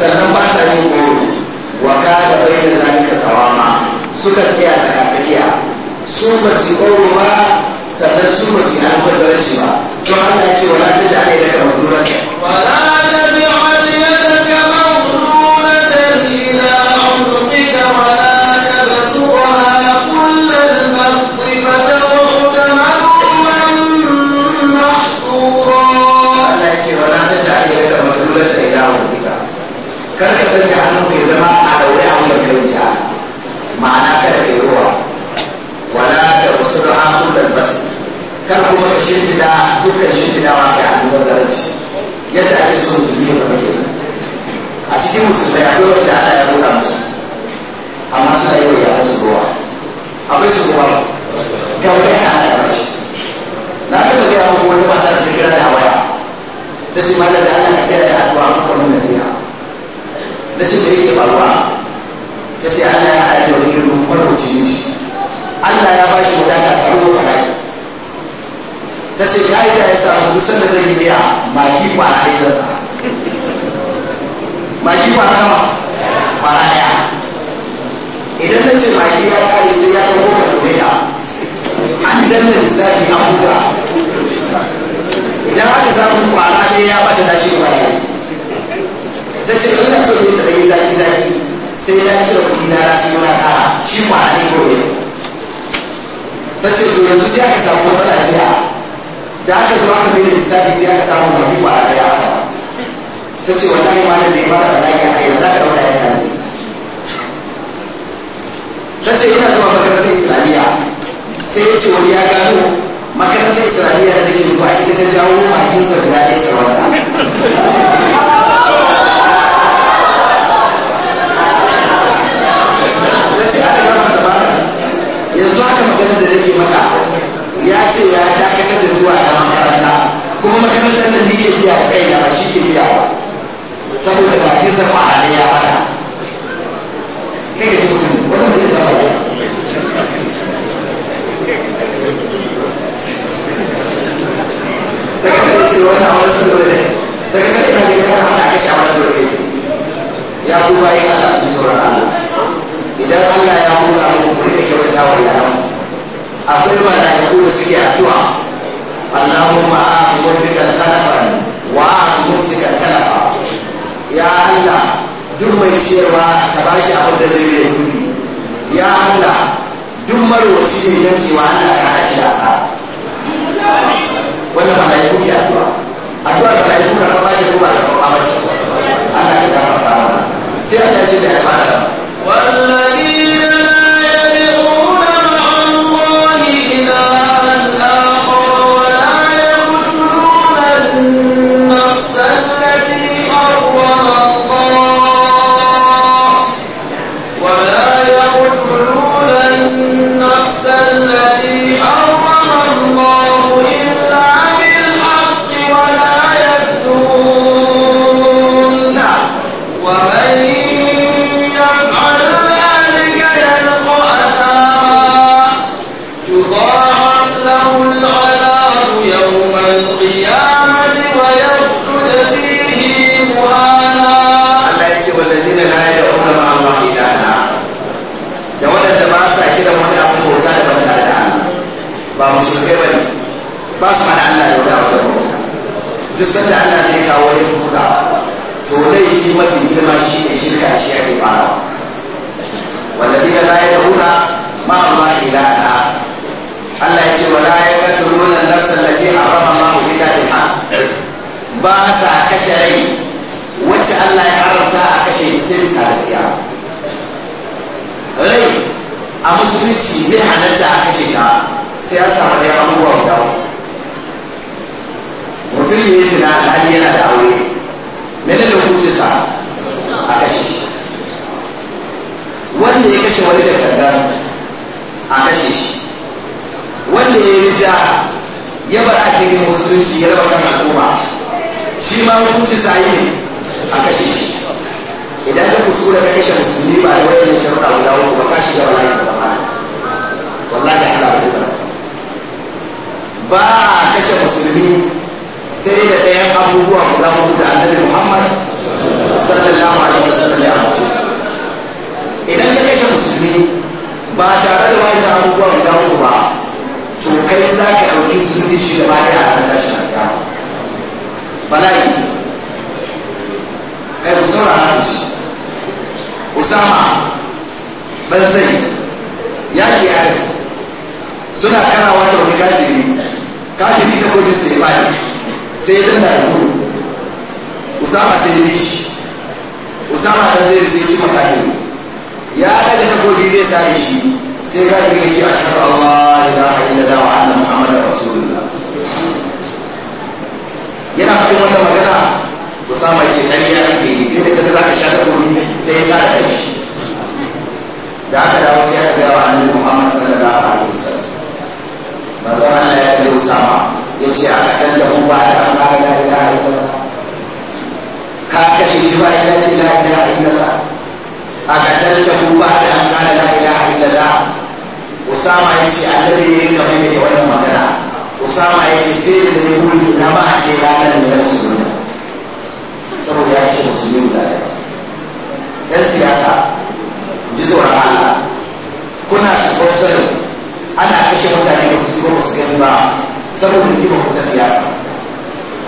sannan ba sa yin goro wa ka da bai da zalika tawama suka da da tsakiya su ba su goro ba sannan su ba su yi albazaranci ba to Allah ya ce wala ta ji ana yi daga madurar ta ce ta ma'ana kada ka yi ruwa wala ta wasu ra'a kullum basu kan kuma ka shimfida dukkan shimfida shimfidawa kai annobar zalunci yadda ake so yi ya fage a cikin musulmai akwai da Allah ya buɗa musu amma suna yi wa yaran su ruwa akwai su ruwa ta Allah ya bashi na ta taɓa gaya muku wata mata da ta kira da waya ta ce mata da Allah ka tsaya da addu'a muka mun nasiha na ce me yake faruwa ta ce Allah ya haɗa da wani irin marwaci ne shi Allah ya bashi wadata ta ruwa fara ta ce ya yi ya samu kusan da zai yi biya maki kwana ɗaya zan sa maki kwana ma kwana ɗaya idan na ce maki ya kare sai ya kawo ka tsoye ta an danna lissafi an buga idan aka samu kwana ɗaya ya bata tashi kwana ta ce ina so ne ta ɗaya zaki zaki sai ya ce kuɗi na na siyo na tara shi kwana ne kawai yau ta ce to yanzu sai aka samu matsala jiya da aka zo aka bai da lissafi sai aka samu mafi a daya ba ta ce wata ne malam da ya fara bala'i a kai ba za ka ɗauka ya kai. ta ce ina zuwa makarantar islamiyya sai ya ce wani ya gano makarantar islamiyya da nake zuwa ita ta jawo mahinsa da ya sarauta ce ya dakatar da zuwa na makaranta kuma makarantar da ni ke biya kai na shi ke biya saboda bakin sa fara ne ya fada kai ka ji mutum wannan mutum da ba sakatare ce wani a wani sanar da sakatare na gida kan hada aka shawara da wani ya kuma yi ala da tsoron Allah idan Allah ya hula mu ku rika kyauta yaran akwai mala'iku da suke addu'a Allahumma a'afu mutaka talafan wa a'afu mutaka talafa ya Allah duk mai ciyarwa ka bashi abin da zai yi kudi ya Allah duk marwaci ne wa Allah ka hashi da sa wannan mala'iku ke addu'a addu'a da mala'iku ka raba shi kuma da raba mace Allah ka gafarta sai Allah ya ce da ya fara wallahi kai bane ba su hana Allah ya wuta wajen bauta duk sanda Allah zai kawo wani fuka to laifi mafi girma shi ne shirka shi ake fara walladina la yad'una ma Allah ilaha Allah ya ce wala yaqtuluna an-nafsa allati harrama Allah illa bil haqq ba sa kashe rai wacce Allah ya haramta a kashe sai bisa gaskiya rai a musulunci bai halatta a kashe ka Siyasa a samu ɗaya abubuwa mutum ya yi zina alhali yana da aure mene da hukuncinsa a kashe wanda ya kashe wani da a kashe shi wanda ya yi da ya bar addinin musulunci ya raba kan al'umma shi ma hukuncinsa yi ne a kashe shi idan ka kuskura ka kashe musulmi ba da shi sharuɗa guda uku ba ka shiga ba ba wallahi ba a kashe musulmi sai da ɗayan abubuwa guda hudu da annabi muhammad sallallahu alaihi wasallam ya mace su idan ka kashe musulmi ba tare da wani abubuwa guda hudu ba to kai za ka ɗauki sunni shi da bayan a ranar tashin na bala'i kai ku saurara ku ci usama ban zai ya ke yaki suna kana wata wani kafiri kafiri ta kotun sai ba ne sai ya tanda da gudu usama sai ya shi usama ta zai sai ci makafiri ya daga takobi zai sare shi sai ya daga ce a shakar Allah ya za a yi da wa annan Muhammadu Rasulullah yana cikin wata magana usama ce ɗariya kake yi sai da kada za ka shafa takobi sai ya sare shi da aka dawo sai aka gaya wa annabi Muhammad sallallahu alaihi wasallam manzo Allah ya sama ya ce a kan da mu ba da an ba da ila ila ka kashe shi ba ya ce la ila ila a kan da da ba da an ba da ila ila usama ya ce annabi ya yi kamar da wannan magana usama ya ce sai da zai wuri na ba a sai ranar da ya musulmi saboda ya ce musulmi da ɗan siyasa ji tsoron Allah kuna su ana kashe mutane ba su ji ba su gani ba saboda rigimar ta siyasa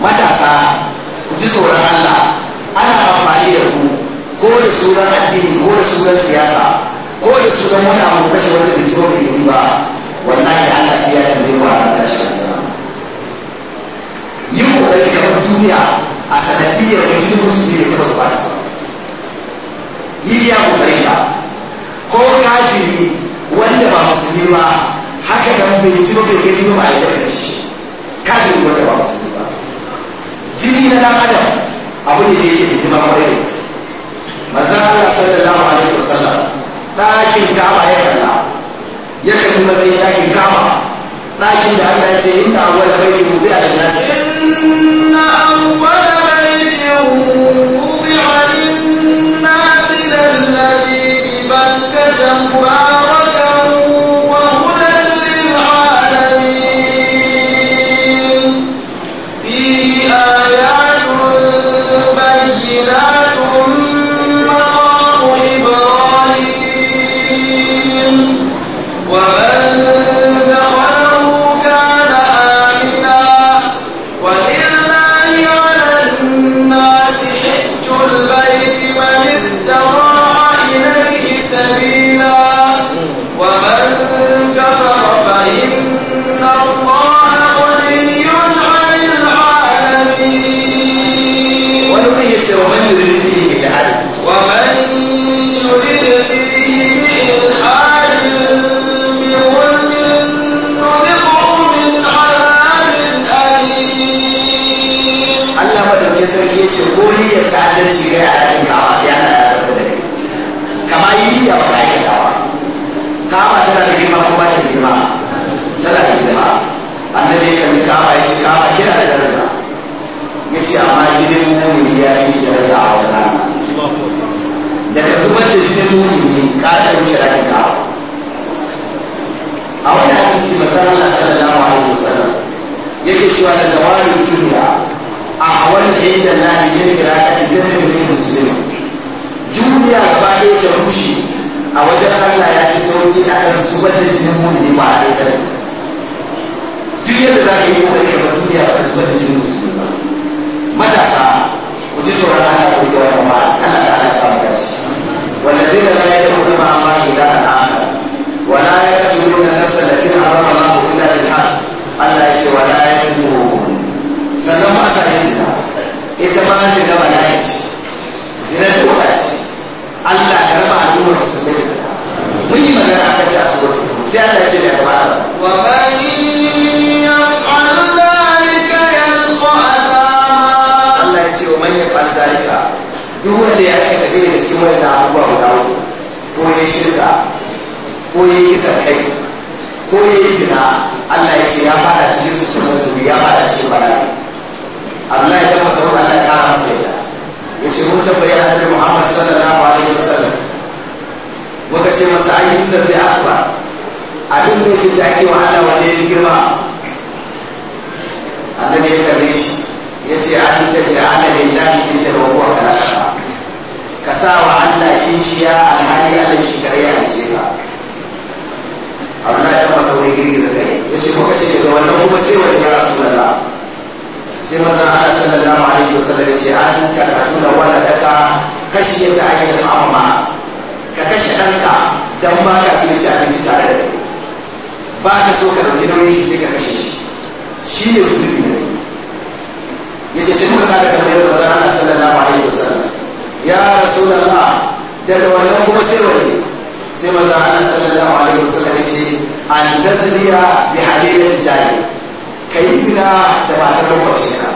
matasa ku ji tsoron Allah ana amfani da ku ko da sunan addini ko da sunan siyasa ko da sunan wani abu kashe wani rigimar mai gani ba ya Allah sai ya tambaye wa a ran tashi yi kokari ka bar duniya a sanadiyar su ne da tabbata ba ta yi ya kokari ba ko kafiri wanda ba musulmi ba haka nan bai ji ba bai gani ba ba a yi da shi kafin wanda ba musulmi ba jini na dan adam abu ne da yake hidima kwarai da gaske manzo Allah sallallahu alaihi wasallam ɗakin kama ya kalla ya kalli matsayin ɗakin kama ɗakin da Allah ya ce inna ke mu wudi'a da nas inna ce ko ni ya ta'addanci ga yara kin kawa sai ana da tabbata da kai kama yi ya ba ka kawa kawa tana da girma ko ba ta da girma tana da girma annabi ya kalli kawa ya ce kawa kina da daraja ya ce amma jinin mumini ya fi daraja a wajen Allah daga zubar da jinin mumini ka ta wuce da kawa a wani hadisi manzon Allah sallallahu alaihi wasallam yake cewa da zawalin duniya ahwal ya lahi min qira'ati jami'in muslim duniya gaba ɗaya ta rushe a wajen Allah ya fi sauki a kan zubar da jinin ne ba a ɗaya duk yadda za ka yi kokari ka bar duniya ba ka zubar da jinin musulmi ba matasa ku ji tsoron Allah ku yi magana akan ta asibiti sai Allah ya ce mai gaba Allah wa Allah ya ce wa man yaf'al duk wanda ya aikata ɗaya da cikin wannan abubuwa guda uku ko ya shirka ko ya yi kisan kai ko ya yi zina Allah ya ce ya fada cikin su sunan zubi ya fada cikin bala'i Abdullahi dan Mas'ud Allah ya kara masa yadda ce mun tabbata ya Muhammad sallallahu alaihi wasallam muka ce masa an yi sabbi akbar abin nufin da ake wahala wanda ya fi girma annabi ya kalle shi ya ce an ta ja'ala lillahi inda wa huwa khalaqa ka sa wa Allah kishiya alhali Allah shi kare ya halice ka Abdullahi dan masa wani girgiza kai ya ce muka ce daga wannan kuma sai wani ya rasulullah sai manzon Allah sallallahu alaihi wasallam ya ce an ta katuna wala daka kashi ya ta ayyana amma ka kashe ɗanka don ba ka so ci abinci tare da kai ba ka so ka ɗauki nauyin shi sai ka kashe shi shi ne su zubi ne ya ce sai muka kada tambayar da ba ana sallallahu alaihi wasallam ya rasulullah daga wannan kuma sai wani sai maza ana sallallahu alaihi wasallam ya ce an zazzabiya bi halayyar jari ka yi zina da matar makwabcina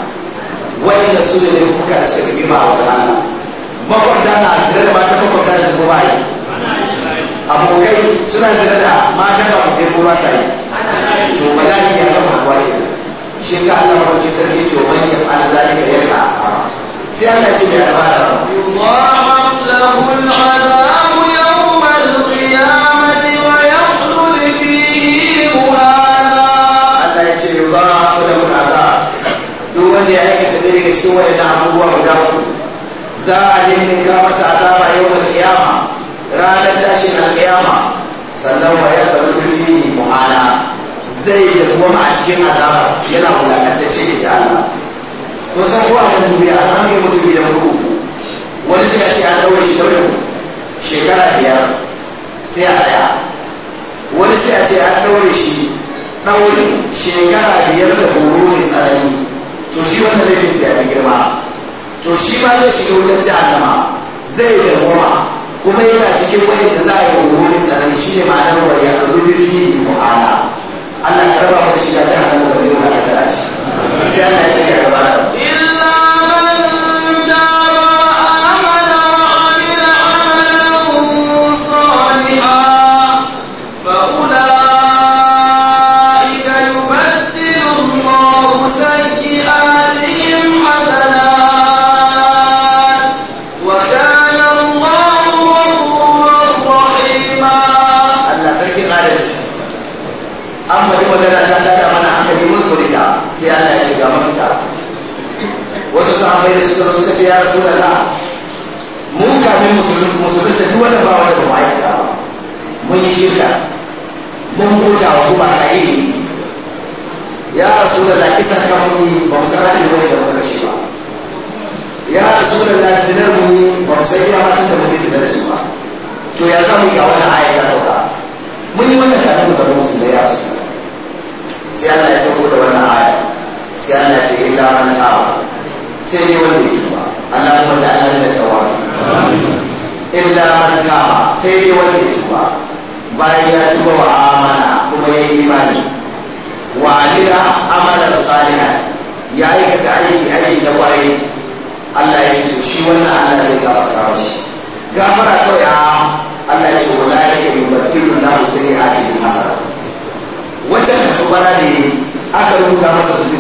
wa'inda su ne da kuka shirbi ma'a wata makwabta na zira da matan makwabta da zuba ba yi abokai suna zira da matan abokai ko ba sa yi to bala'i ya gama hawa ne shi sa Allah maɗauki sarki ce wa manyan yanka a sama sai Allah ce da albarka. Allahun lahul azab zai yi kuma a cikin azaba yana wulakantacce da ji Allah kun san ko a nan duniya an an yi mutum gidan kuku wani sai a ce an ɗaure shi daure shekara biyar sai a tsaya wani sai a ce an ɗaure shi ɗaure shekara biyar da horo mai tsanani to shi wanda laifin sai ya girma to shi ma zai shiga wajen jahannama zai da goma kuma yana cikin wajen da za a yi horo mai tsanani shi ne ma'anar wajen a ya fiye da mu'ala Allah ya raba mu da shiga jahannama da zai na da aji sai Allah ya ce ya gaba sahabbai da suka suka ce ya rasu da mun kafin musulunta duk wanda ba wanda ba ya ba mun yi shirka mun kuta wa kuma a iri ya rasu da la kisan kan yi ba mu san halin wani da muka shi ba ya rasu da la zinar mun yi ba mu san iya matan da mun yi zinar shi ba to ya za mu ga wannan aya ta sauka mun yi wannan kafin mu zama musulmai ya rasu sai Allah ya sauko da wannan aya sai Allah ce illa man ta'a sai dai wanda ya tuba Allah kuma ta ala da tawabi illa man taba sai dai wanda ya tuba bayan ya tuba wa amana kuma ya yi imani wa amila amalan salihan ya aikata aiki aiki da kwarai Allah ya ce shi wannan Allah zai gafarta mashi gafara kawai a Allah ya ce wala ya ke yubaddilu lahu sayyi'atihim hasana wata tubara ne aka rubuta masa su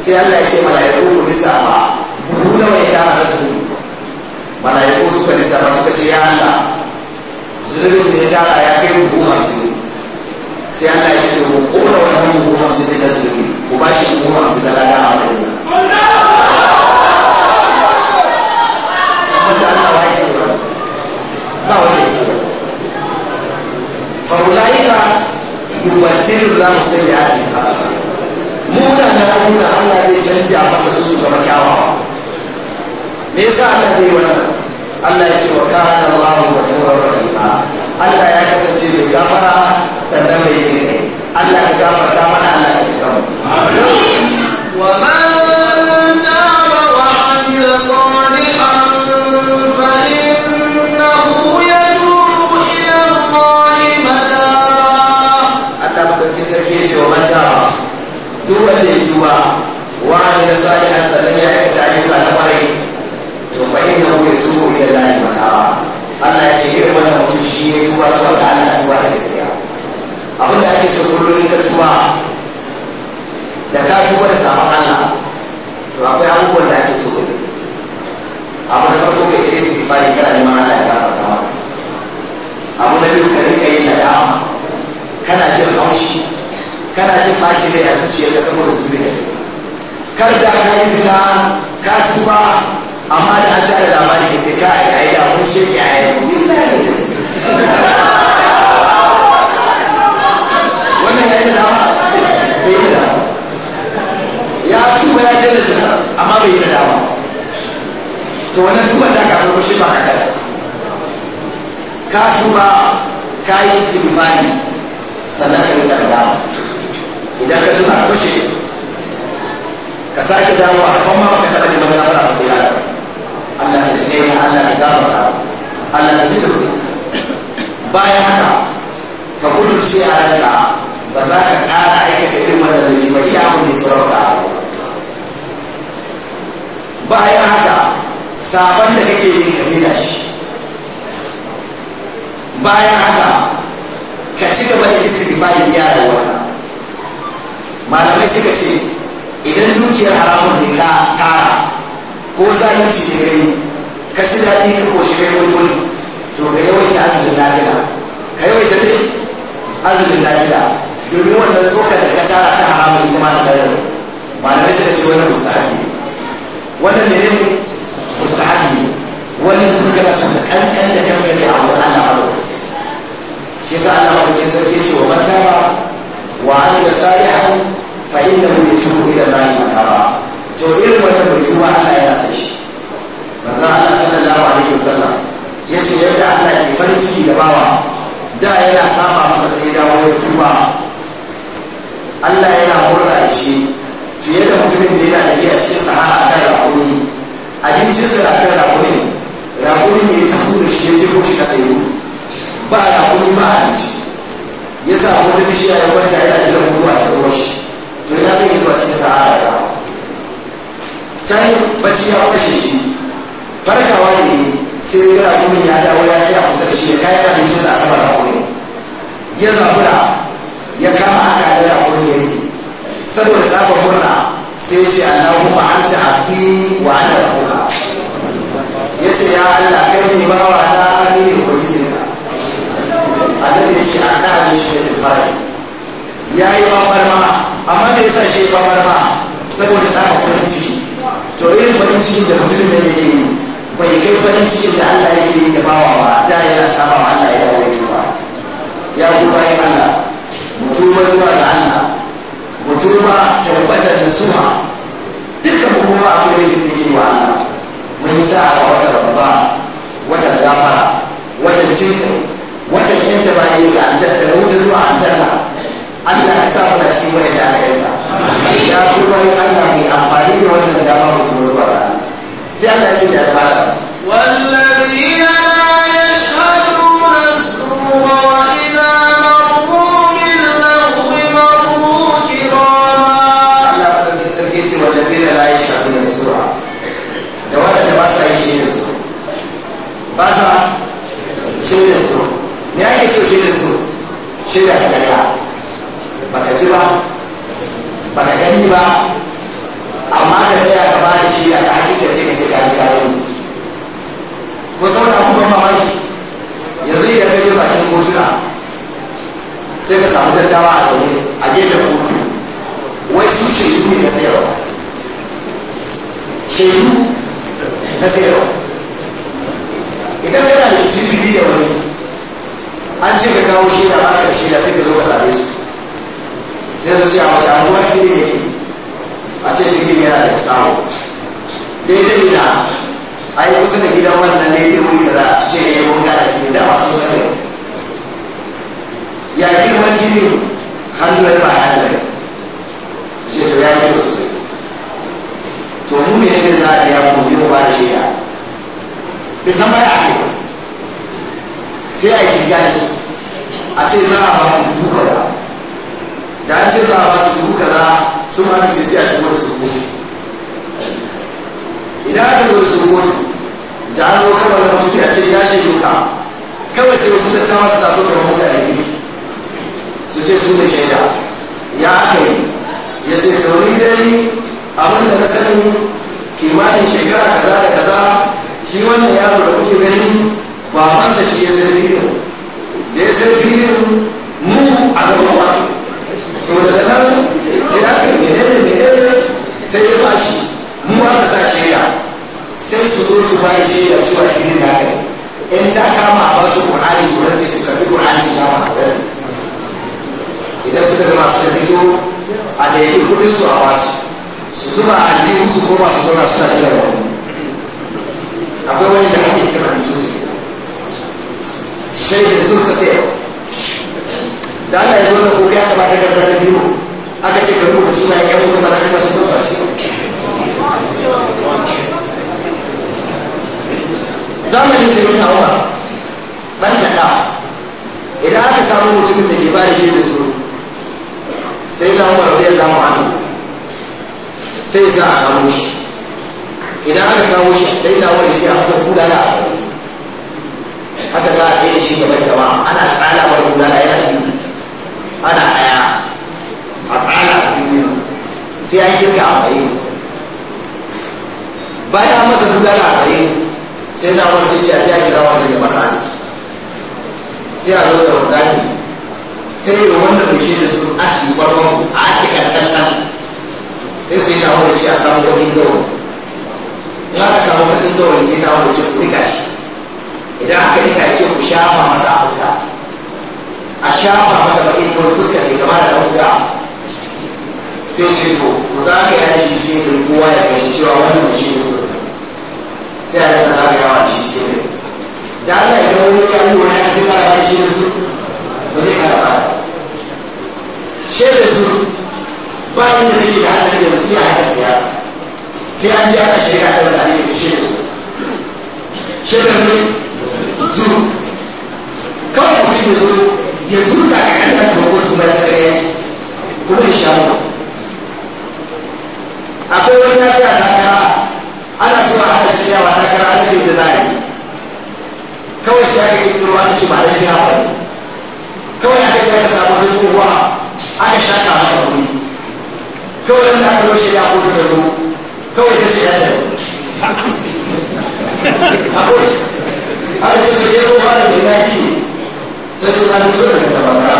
sai Allah ya ce mala'iku ku lissafa buhu nawa ya tara da su mala'iku suka lissafa suka ce ya Allah zunubin da ya tara ya kai buhu hamsin sai Allah ya ce to ko wannan buhu hamsin da zunubi ku ba shi buhu hamsin da lada a wajen sa ba wanda ya tsira fa muna na ayyuka Allah zai canja masa su zama kyawawa me yasa Allah zai wannan Allah ya ce wa kana Allahu ghafurur rahima Allah ya kasance mai gafara sannan mai jin kai Allah ya gafarta mana Allah ya cika mu wa man taba wa amila salihan fa innahu yatubu ila Allah mataba Allah madaukakin sarki ya ce wa man taba duk wanda ya tuba wa amila salihan sannan ya aikata ayyuka na kwarai to fa inna hu yatubu ila Allah matawa Allah ya ce irin wannan mutum shi ya tuba zuwa ga Allah tuba ta gaskiya da ake so kullum ka tuba da ka tuba da sabon Allah to akwai abubuwan da ake so ne abu na farko kai ta isi fari kana neman Allah ya gafarta maka abu na biyu ka rinka yin nadama kana jin haushi kana jin ɓaci ne a zuciyar da saboda da ne kar da ka yi zina ka tuba amma da an tare labari ya ce ka yi ayi da mun yi. a yau wannan ya yi da dama bai yi da dama ya tuba ya daina zina amma bai yi da dama to wannan tuba ta kafin rushe ba ka kada ka tuba ka yi sinifani sannan ka yi da dama idan ka tuna ka shi ka sake dawo a kan ma baka taɓa neman gafara ba masu yara. Allah ka ji ne Allah ka ka Allah ka ji tausayi bayan haka ka gudu shi a ranka ba za ka ƙara aikata irin wanda zai ba iya mun ne sauran ka bayan haka sabon da kake yi ka daina shi bayan haka ka ci gaba da istighfari ya rayuwa malamai suka ce idan dukiyar haramun ne na tara ko zalunci ne kai ka ci daɗi ka koshi kai wani to ka yawaita azumin lafiya ka yawaita ne azumin lafiya domin wannan tsokar da ka tara ta haramun ita ma ta tare malamai suka ce wannan musahabi ne wannan ne ne musahabi ne wannan duk kana so ka kankan da kan gani a wajen Allah ba da shi yasa Allah ba ke sarki ce wa man tara ya amila fa inda mu ya tuhu ila lahi matara to irin wannan bai tuwa Allah ya san shi manzo Allah sallallahu alaihi wasallam yace yadda Allah ke farin ciki da bawa da yana saba masa sai ya dawo ya tuba Allah yana hurra da shi fiye da mutumin da yana tafiya cikin sahara a kan rakuni abincin da a kan rakuni rakuni ne ya tafi da shi ya je ko shi ka tsaye ba rakuni ba a ci. ya sa wata bishiya ya kwanta yana jiran mutuwa ta tsoro shi don ya zai zuwa cikin ya can bacci ya shi farkawa ne sai ya dawo ya tsaya kusa da shi ya kayan abincin a ya ya kama aka da ya saboda tsabar murna sai ce allahumma ta abdi wa ya Allah kai ne an shi da ya yi mamar ma amma me yasa shi mamar ma saboda tsaka farin ciki to irin farin ciki da mutum da yake yi bai kai farin ciki da Allah yake yi da bawa ba da yana saba wa Allah ya yi ba ya ku bayan Allah ba zuwa ga Allah mutuba tabbatar da suha dukkan kuma akwai da yake yi wa Allah mun yi sa a wata babba 这样来洗的。samu dattawa a zaune a gefen kotu wai su shaidu ne na sayarwa shaidu na sayarwa idan kana da cibibi da wani an ce ka kawo da ba ka da sai ka zo ka same su sai su ce a wata anguwa ne yake a ce jirgin yana da samu daidai na a yi kusa da gidan wannan ne ya wuri da za a ce ne ya wuri da ake da masu sanin ya girman jini hannuwar ba hannuwar ce to ya yi sosai to mu ne ne za a biya mu jini ba da shaida bai san baya ake ba sai a yi jirga da su a ce za a ba mu dubu kaza da an ce za a ba su dubu kaza su ma ce sai a shigo da su kotu idan aka zo da su kotu da an zo kawai na mutu a ce ya ce doka kawai sai wasu tattawa su taso da mutane su ce su ne shaida ya aka yi ya ce da dai abin da na sani kimanin shekara kaza da kaza shi wannan yaro da kuke gani fansa shi ya zai filin da ya zai filin mu a gaban ba to daga nan sai aka yi menene ne sai ya bashi mu aka sa shaida sai su zo su bayan shaida cewa filin na kai in ta kama a basu ƙur'ani su rantse su karbi ƙur'ani su kama su rantse idan suka zama gama suka fito a da yabi kudin su a wasu su zuba a jikin su koma su zauna su sake da wani akwai wani da ake cin abinci su sai da sun ta tsaye da ana yi zuwa ko aka kamata ka zaka biyu aka ce ka rubuta suna ya mutu ba za ka sa su zuwa ci zamanin sai mun hawa ɗan kaɗa idan aka samu mutumin da ke ba da shi da tsoro sai na umar bai zama ma'anu sai za a kawo shi idan aka kawo shi sai na umar ya ce a masa kudala haka za a tsaye da shi gaban jama'a ana tsala wa kudala yana yi ana aya a tsala a duniya sai an kirka a bayi bayan masa kudala a bayi sai na umar sai ce a jiya kira wani ya masa sai a zo da wanda sai da wanda mai shi da su a asi barwan a asi kantantan sai sai dawo da shi a samu kuɗin gawa ya ka samu kuɗin gawa sai dawo da shi ku rika shi idan aka rika shi ku shafa masa fuska a shafa masa baƙin gawa fuska ne gaba da wuta sai shi to ku za ka yi aiki shi ne kowa ya gashi cewa wannan mai shi da su sai a yi rika zagayawa shi shi ne da Allah ya zama wani ya yi wani ya zama ya shi da su ba zai kara ba shaidar su ba inda take da haɗari da musu ya haɗa siyasa sai an ji aka shaida da wanda ne da shaidar su shaidar ne zu kawai mutum ya zo ya zurta a kan da kuma kotu ba sai ya yi kuma ya sha mu akwai wani ya tsaya takara ana so a haɗa shirya wa takara ana zai da za a kawai sai aka yi ruwa ta ci ba da jiha ba kawai aka je aka samu wata tsohuwa aka shaka mata wuri kawai da aka roshe ya kotu ta zo kawai ta ce ya da aka ce su zo ba da na naki ta ce ta fito da ta tabara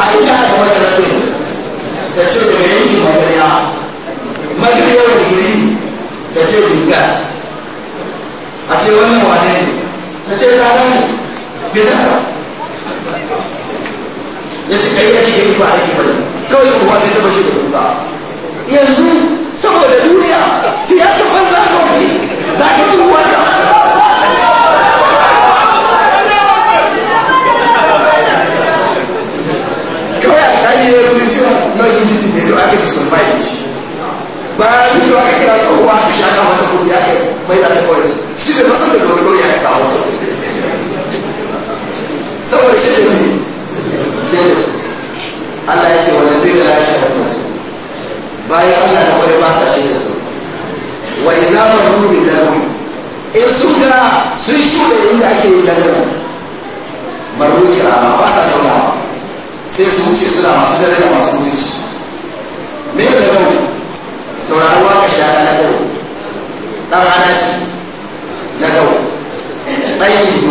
a ita da wata da ce da yanki magariya magariya da gari ka ce gas a ce wannan wane ne ka ce rana ne bai za ka ya ce kai yake yi ba aiki ba kawai kuma sai ta bashi da kuka yanzu saboda duniya siyasa ban za ka wani za ka yi wata kawai a tsari ne rubin cewa nau'in jiji ne da aka fi mai da ta kawai shi da masu da dogoro ya samu saboda shi da ne su Allah ya ce wanda zai da lafiya da kansu bayan Allah da kwarai ba sa shi da su wa idza marru bi dalwi in suka sun shuɗe inda ake yin dalwi a ma ba sa zauna sai su wuce suna masu daraja masu mutunci me da dalwi sauraron waka shara na dalwi ɗan rana ya na gawo ɗan yi